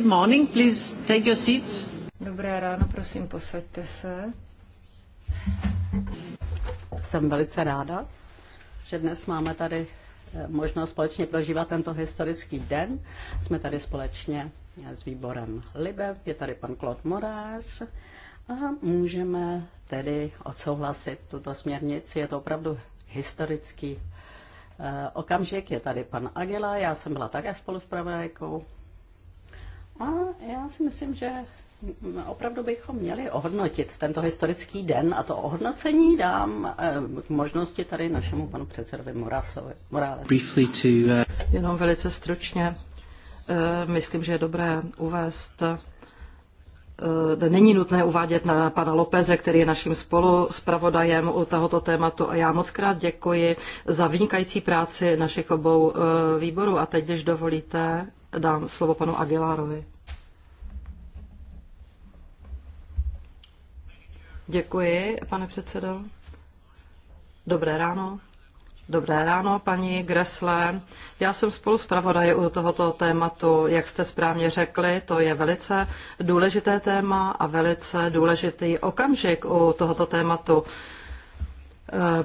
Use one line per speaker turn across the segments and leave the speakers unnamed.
Good morning, please take your seats.
Dobré ráno, prosím, posaďte se.
Jsem velice ráda, že dnes máme tady eh, možnost společně prožívat tento historický den. Jsme tady společně eh, s výborem Libe, je tady pan Claude Morář a můžeme tedy odsouhlasit tuto směrnici. Je to opravdu historický eh, okamžik. Je tady pan Agila, já jsem byla také spolu s pravodajkou a já si myslím, že opravdu bychom měli ohodnotit tento historický den a to ohodnocení dám eh, k možnosti tady našemu panu předsedovi Morásovi. Briefly to, eh,
Jenom velice stručně. Eh, myslím, že je dobré uvést E, není nutné uvádět na pana Lopeze, který je naším spolu zpravodajem u tohoto tématu a já moc krát děkuji za vynikající práci našich obou e, výborů a teď, když dovolíte, dám slovo panu Aguilárovi. Děkuji, pane předsedo. Dobré ráno. Dobré ráno, paní Gresle. Já jsem spolu s u tohoto tématu, jak jste správně řekli, to je velice důležité téma a velice důležitý okamžik u tohoto tématu, eh,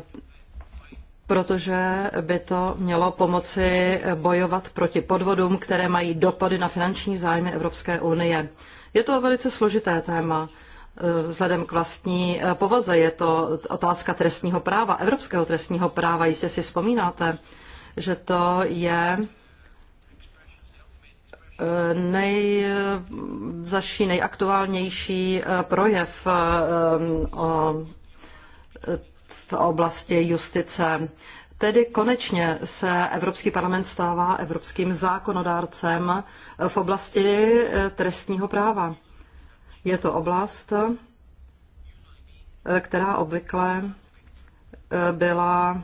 protože by to mělo pomoci bojovat proti podvodům, které mají dopady na finanční zájmy Evropské unie. Je to velice složité téma. Eh, vzhledem k vlastní eh, povaze. Je to otázka trestního práva, evropského trestního práva. Jistě si vzpomínáte, že to je eh, nejzaší, nejaktuálnější projev o, v oblasti justice. Tedy konečně se Evropský parlament stává evropským zákonodárcem v oblasti trestního práva. Je to oblast, eh, která obvykle eh, byla eh,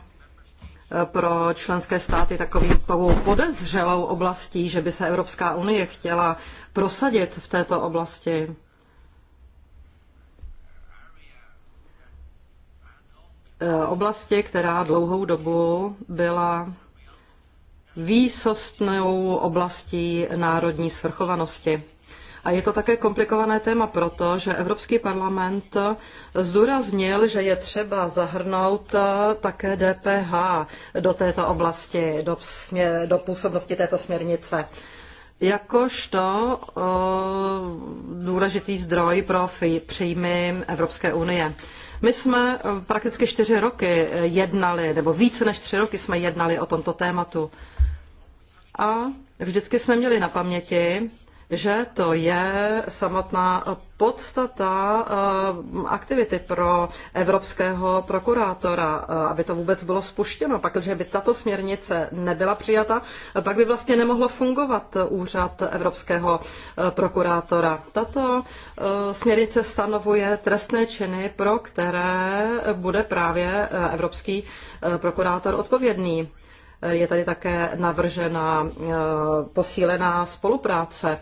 pro členské státy takovou podezřelou oblastí, že by se Evropská unie chtěla prosadit v této oblasti. Oblasti, která dlouhou dobu byla výsostnou oblastí národní svrchovanosti. A je to také komplikované téma proto, že Evropský parlament zdůraznil, že je třeba zahrnout eh, také DPH do této oblasti, do, směr, do působnosti této směrnice jakožto eh, důležitý zdroj pro příjmy Evropské unie. My jsme eh, prakticky čtyři roky jednali, nebo více než tři roky jsme jednali o tomto tématu. A vždycky jsme měli na paměti, že to je samotná podstata eh, aktivity pro evropského prokurátora, eh, aby to vůbec bylo spuštěno. Pak, že by tato směrnice nebyla přijata, pak by vlastně nemohlo fungovat úřad evropského eh, prokurátora. Tato směrnice stanovuje trestné činy, pro které bude právě evropský prokurátor odpovědný. Je tady také navržena eh, posílená spolupráce.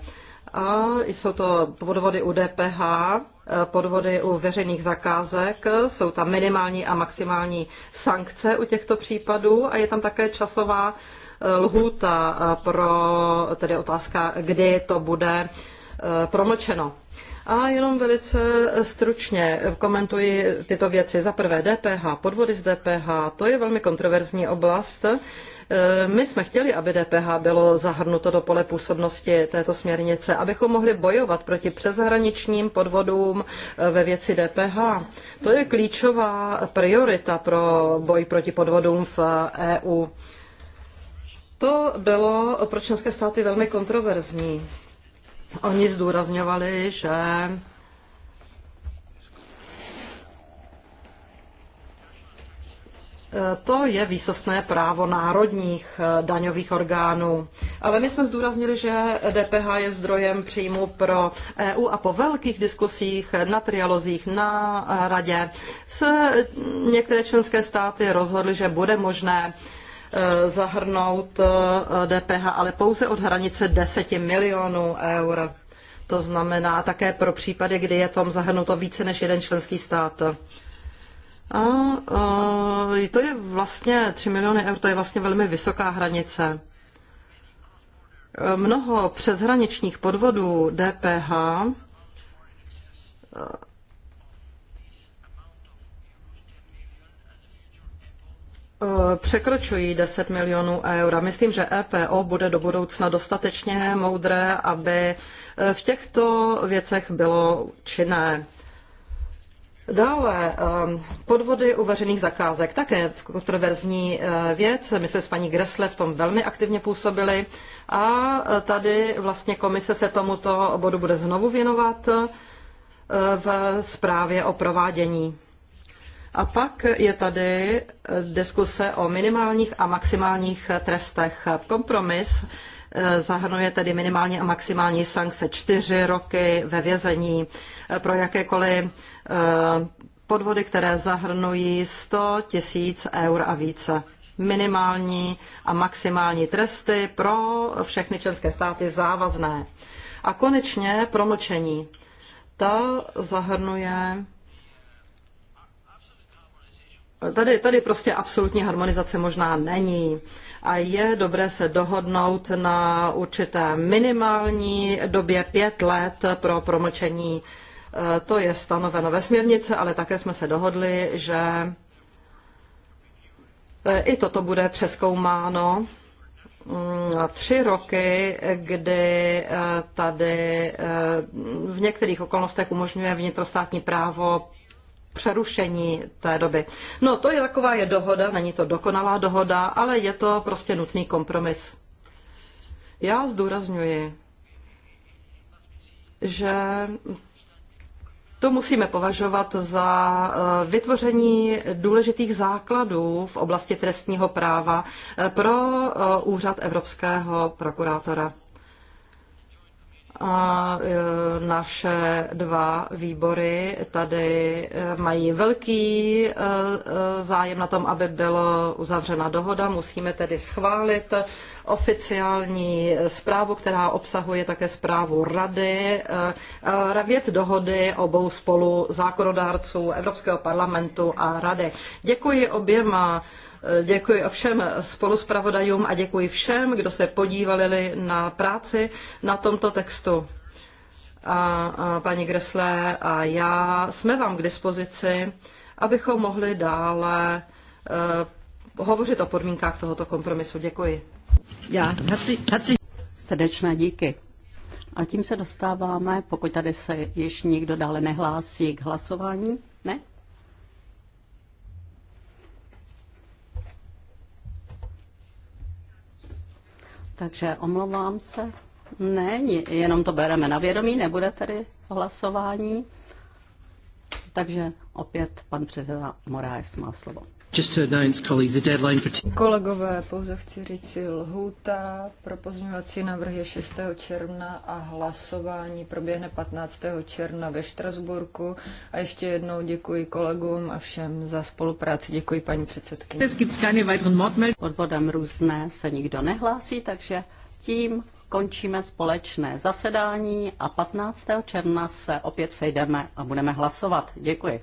A jsou to podvody u DPH, eh, podvody u veřejných zakázek, jsou tam minimální a maximální sankce u těchto případů a je tam také časová eh, lhůta pro, tedy otázka, kdy to bude promlčeno. A jenom velice stručně komentuji tyto věci. Za prvé DPH, podvody z DPH, to je velmi kontroverzní oblast. E, my jsme chtěli, aby DPH bylo zahrnuto do pole působnosti této směrnice, abychom mohli bojovat proti přeshraničním podvodům e, ve věci DPH. To je klíčová priorita pro boj proti podvodům v EU. To bylo pro členské státy velmi kontroverzní. Oni zdůrazňovali, že To je výsostné právo národních eh, daňových orgánů. Ale my jsme zdůraznili, že DPH je zdrojem příjmu pro EU a po velkých diskusích na trialozích na radě se některé členské státy rozhodly, že bude možné Eh, zahrnout DPH, eh, ale pouze od hranice 10 milionů eur. To znamená také pro případy, kdy je tam zahrnuto více než jeden členský stát. A, a, eh, to je vlastně 3 miliony eur, to je vlastně velmi vysoká hranice. Mnoho přeshraničních podvodů DPH Eh, překročují 10 milionů eur. Myslím, že EPO bude do budoucna dostatečně moudré, aby eh, v těchto věcech bylo činné. Dále eh, podvody u veřejných zakázek, také kontroverzní věc. My jsme s paní Gresle v tom velmi aktivně působili a tady vlastně komise se tomuto bodu bude znovu věnovat v zprávě o provádění a pak je tady eh, diskuse o minimálních a maximálních trestech. Kompromis eh, zahrnuje tedy minimální a maximální sankce čtyři roky ve vězení eh, pro jakékoliv podvody, které zahrnují 100 tisíc eur a více. Minimální a maximální tresty pro všechny členské státy závazné. A konečně promlčení. To zahrnuje Tady, tady prostě absolutní harmonizace možná není a je dobré se dohodnout na určité minimální době pět let pro promlčení. E, to je stanoveno ve směrnici, ale také jsme se dohodli, že e, i toto bude přeskoumáno mm, tři roky, kdy e, tady v některých okolnostech umožňuje vnitrostátní právo přerušení té doby. No to je taková je dohoda, není to dokonalá dohoda, ale je to prostě nutný kompromis. Já zdůrazňuji, že to musíme považovat za eh, vytvoření důležitých základů v oblasti trestního práva eh, pro eh, úřad evropského prokurátora a e, naše dva výbory tady e, mají velký e, zájem na tom, aby byla uzavřena dohoda. Musíme tedy schválit oficiální zprávu, která obsahuje také zprávu Rady, věc dohody obou spolu zákonodárců Evropského parlamentu a Rady. Děkuji oběma Děkuji všem spoluspravodajům a děkuji všem, kdo se podívali na práci na tomto textu. A, a paní Greslé a já jsme vám k dispozici, abychom mohli dále uh, hovořit o podmínkách tohoto kompromisu. Děkuji.
Já, haci, haci. Srdečné díky. A tím se dostáváme, pokud tady se již nikdo dále nehlásí k hlasování. Ne? Takže omlouvám se. Ne, jenom to bereme na vědomí, nebude tady hlasování. Takže opět pan předseda Moraes
má slovo. Just to announce, colleagues, the deadline for Kolegové, pouze chci říct si lhůta pro pozměňovací návrh je 6. června a hlasování proběhne 15. června ve Štrasburku. A ještě jednou děkuji kolegům a všem za spolupráci. Děkuji paní předsedkyni.
Pod bodem různé se nikdo nehlásí, takže tím končíme společné zasedání a 15. června se opět sejdeme a budeme hlasovat. Děkuji.